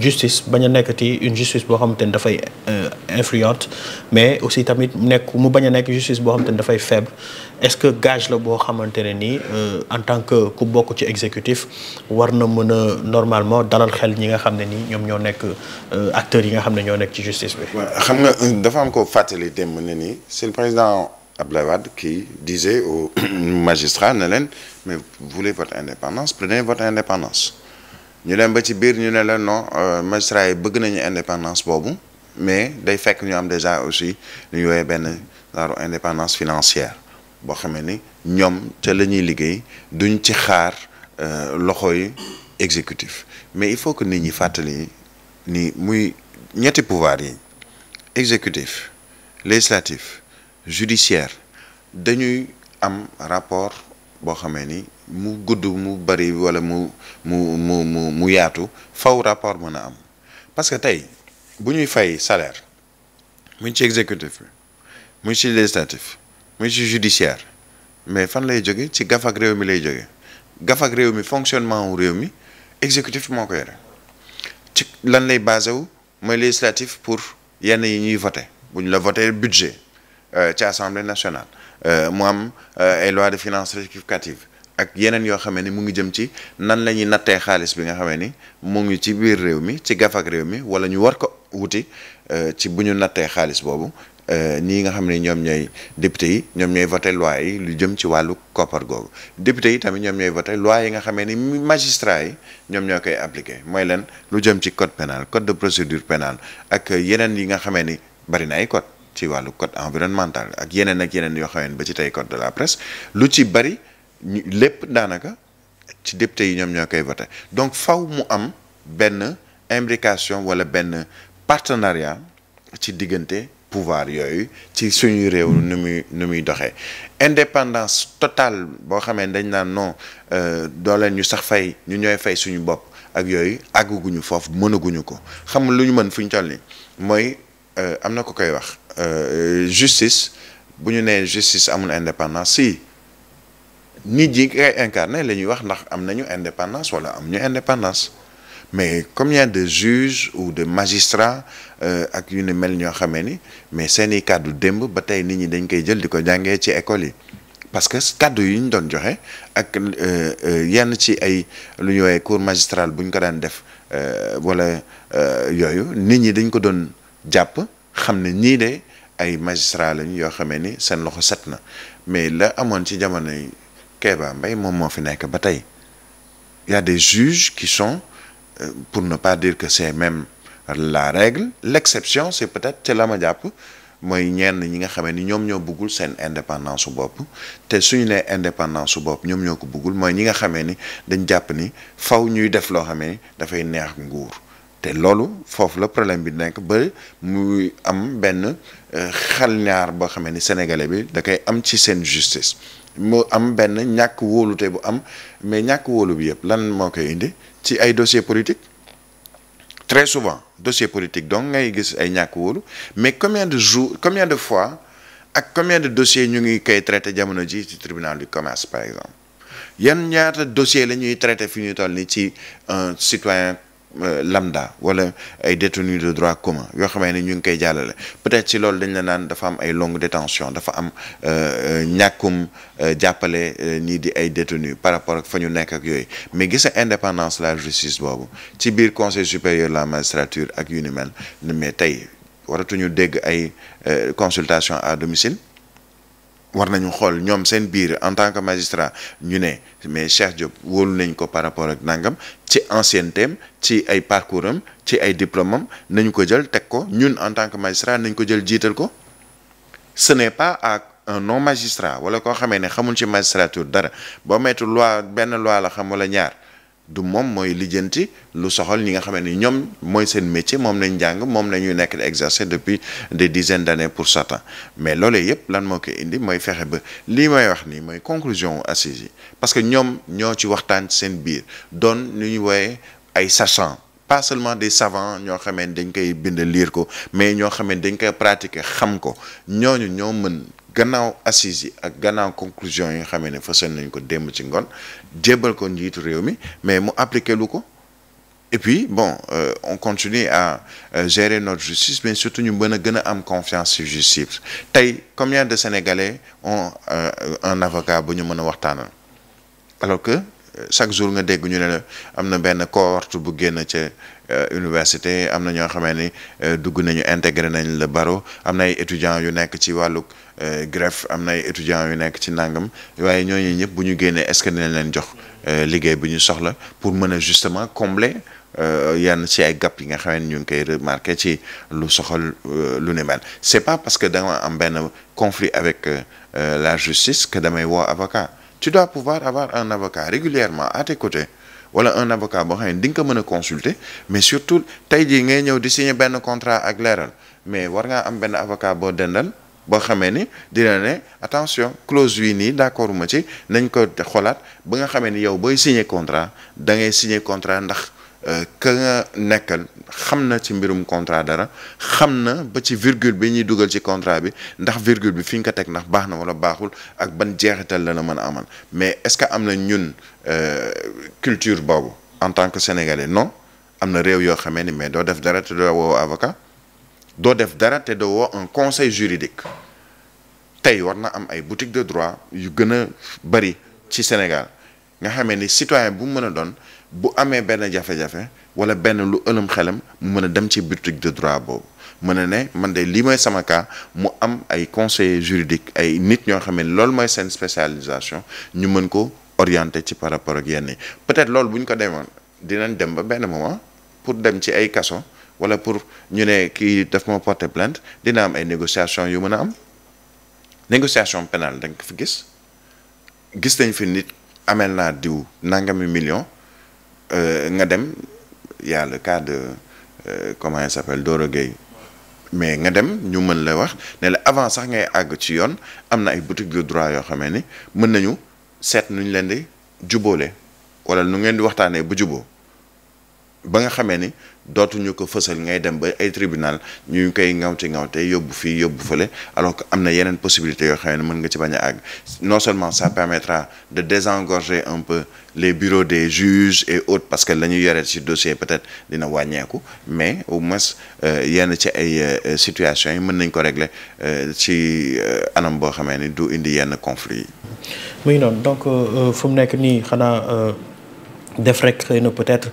justice bañ a nekkati une justice boo xamante ni dafay euh, influente mais aussi tamit nekk mu bañ a nekk justice boo xamante ni dafay faible est-ce que gage la boo xamante ne nii euh, en tant que ku bokk ci exécutif war na mën a normalement dalal xel ñi nga xam ne nii ñoom ñoo nekk euh, acteurs yi nga xam ne ñoo nekk ci justice bi. xam na dafa am ko fàttali démb ne ni c'est le président Abdoulaye Wade qui disait aux magistrats ne leen mais vous voulez votre indépendance prenez votre indépendance. ñu dem ba ci biir ñu ne leen non euh, magistrat yi bëgg nañu indépendance boobu mais day fekk ñu am déjà aussi lu ñu woowee benn genre indépendance financière boo xamee ni ñoom te la ñuy liggéey duñ ci xaar euh, loxo yi exécutif mais il faut que nit ñi fàttali ni muy ñetti pouvoir yi exécutif législatif judiciaire dañuy am rapport boo xamee ni mu gudd mu bari wala mu mu mu mu mu yaatu faw rapport mën a am parce que tey bu ñuy fay salaire mu ci exécutif bi mu ci législatif mu ci judiciaire mais fan lay jóge ci gaf réew mi lay jóge gaf réew mi fonctionnement wu réew mi exécutif moo ko yore ci lan lay basé wu mooy législatif pour yenn yi ñuy voté bu ñu la voté budget euh, ci assemblée nationale euh, mu am euh, ay loi de finances rectificative ak yeneen yoo xamee ni mu ngi jëm ci nan la ñuy nattee xaalis bi nga xamee ni mu ngi ci biir réew mi ci gafak réew mi wala ñu war ko wuti euh, ci bu ñu nattee xaalis boobu nii euh, nga xam ne ñoom ñooy député yi ñoom ñooy voté yi lu jëm ci wàllu koppar député yi tamit ñoom ñooy voté loi yi nga xamee ni magistrat yi ñoom ñoo koy appliqué mooy leen lu jëm ci code pénal code de procédure pénale ak yeneen yi nga xamee ni bari na ay code ci wàllu code environnemental ak yeneen ak yeneen yoo xamee ni ba ci tey code de la presse lu ci bari lépp daanaka ci député yi ñoom ñoo koy voté donc faw mu am benn imbrication wala benn partenariat ci diggante pouvoir yooyu ci suñu réew nu muy nu muy doxee indépendance totale boo xamee dañ naan non euh, doo leen ñu sax fay ñu ñooy fay suñu bopp ak yooyu àgguguñu foofu mënaguñu ko xam lu ñu mën fu ñu toll nii mooy euh, am na ko koy wax euh, justice bu ñu nee justice amul indépendance sii nit yi kay incarné la ñuy wax ndax am nañu indépendance wala am ñu indépendance mais combien de juges ou de magistrats euh, ak yu ne mel ñoo xamee ni mais seeni kàddu démb ba tey nit ñi dañ koy jël di ko jàngee ci école yi parce que kàddu yu ñu doon joxe ak euh, euh, yenn ci ay lu ñu woowee cour magistral bu ñu ko daan def wala yooyu nit ñi dañ ko doon jàpp xam ne ñii de ay magistrats lañu yoo xamee ni seen loxo set na mais la amoon ci jamono yi baa mbay moom moo fi nekk ba tey y des juges qui sont euh, pour ne pas dire que c'est même la règle l'exception c'est peut-être ci la ma jàpp mooy ñenn ñi nga xamee ni ñoom ñoo buggul seen indépendance su bopp te suñu nee indépendance su bopp ñoom ñoo ko buggul mooy ñi nga xamee ni dañ jàpp ni faw ñuy def loo xamee ni dafay neex nguur te loolu foofu la problème bi nekk ba muy am benn euh, xal ñaar boo xamee ni sénégalais bi da koy am ci seen justice mu am benn ñàkk wóolute bu am mais ñàkk wóolu bi yëpp lan moo koy indi ci ay dossier politique très souvent dossier politique donc ngay gis ay ñàkk wóolu mais combien de jours combien de fois ak combien de dossiers ñu ngi koy traité jamono ji ci tribunal du commerce par exemple yan ñaata dossier la ñuy traité fi ñuy toll nii ci un citoyen Euh, lambda wala ay détenus de droit commun yoo xamee ni ñu ngi koy jàllale peut-être ci loolu dañu la naan dafa am ay longue détention dafa am euh, ñàkkum euh, jàppale ñii di ay détenus par rapport ak fa ñu nekk ak yooyu mais gis nga indépendance la justice boobu ci biir conseil supérieur la magistrature ak yu ni mel mais tey waratuñu dégg ay consultation à domicile war nañu xool ñoom seen biir en tant que magistrat ñu ne mais Cheikh Diop wóolu nañ ko par rapport ak nangam ci ancienneté ci ay parcours am ci ay diplôme nañu ko jël teg ko ñun en tant que magistrat nañ ko jël jiital ko ce n'est pas à un non magistrat wala koo xamee ne xamul ci magistrature dara boo mettu loi benn loi la xam wala ñaar du moom mooy lijjanti lu soxal ñi nga xam ni ñoom mooy seen métier moom lañ jàng moom la ñuy nekk di exercer depuis des dizaines d'années pour certains mais loolee yëpp lan moo ko indi mooy fexe ba lii may wax nii mooy conclusion assise yi parce que ñoom ñoo ci waxtaan seen biir doon lu ñuy wooye ay sachants pas seulement des savants ñoo xamee dañ koy bind liir ko mais ñoo xamee dañ koy pratiquer xam ko ñooñu ñoo mën gannaaw assises yi ak gannaaw conclusion yi nga xamee ne fasal nañ ko démb ci ngoon jébbal ko njiitu réew mi mais mu appliqué lu ko et puis bon euh, on continue à euh, gérer notre justice mais surtout ñu mën a gën a am confiance ci justice tey combien de Sénégalais on euh, un avocat ba ñu mën a waxtaanal alors que chaque jour nga dégg ñu ne la am na benn cohorte bu génn ca euh, université am na ñoo xamee ni euh, dugg nañu intégré nañ le barreau am na ay étudiants yu nekk ci wàllu euh, greffe am na ay étudiants yu nekk ci nangam waaye ñooñu ñëpp bu ñu génnee est-ce que dinañ leen jox liggéey bi ñu soxla pour mën a justement combler yenn ci ay gap yi nga xamee ni ñu ngi koy remarqué ci lu soxal lu ne mel c'est pas parce que danga am benn conflit avec la justice que damay woo avocat. tu dois pouvoir avoir un avocat régulièrement à tes côtés wala un avocat boo xam ne di nga ko mën a consulter mais surtout tey jii ngay ñëw di signer benn contrat ak leeral mais war ngaa am benn avocat boo dendal boo xamee ni dina ne attention clause yi nii d'accord ma ci nañ ko xolaat ba nga xamee ni yow booy signer contrat da ngay signer contrat ndax. Euh, ka nga nekkal xam na ci mbirum contrat dara xam na ba ci virgule bi ñuy dugal ci contrat bi ndax virgule bi fi ñu ko teg ndax baax na wala baaxul ak ban jeexital la la mën a amal mais est-ce que am na ñun euh, culture boobu en tant que sénégalais no am na réew yoo xamee ni mais doo def dara te doo woo avocat doo def dara te doo woo un conseil juridique tey war na am ay boutique de droit yu gën a bari ci Sénégal nga xamee ni citoyen bu mu mën a doon bu amee benn jafe-jafe wala benn lu ëlëm xelam mu mën a dem ci butique de droit boobu mu ne ne man de lii mooy sama cas mu am ay conseillers juridiques ay nit ñoo xam ne loolu mooy seen spécialisation ñu mën ko orienté ci par rapport ak yenn yi peut-être loolu bu ko demoon dinañ dem ba benn moment pour dem ci ay kaso wala pour ñu ne kii daf ma porter plainte dina am ay négociation yu mën a am négociation pénale da nga ko fi gis gis nañ fi nit amel naa diw nangami million Euh, nga dem yàlla a le cas de euh, comment il s'appelle Doro Gueye mais nga dem ñu mën la wax ne la avant sax ngay àgg ci yoon am na ay boutique de droit yoo xamee ni mën nañu seet nu ñu leen di jubóole wala nu ngeen di waxtaanee bu juboo ba nga xamee ni dootuñu ko fësal ngay dem ba ay tribunal ñu koy ngaw ci ngaw te yóbbu fii yóbbu fële alors am na yeneen possibilité yoo xam ne mën nga ci bañ a àgg non seulement ça permettra de désengorger un peu les bureaux des juges et autres parce que la ñu yore ci dossier peut-être dina wàññeeku mais au moins euh, yenn ci ay euh, situations yi mën nañ ko régler euh, ci anam boo xamee ni du indi yenn conflits yi. muy noonu donc fu mu nekk nii xanaa def rek xëy na peut-être.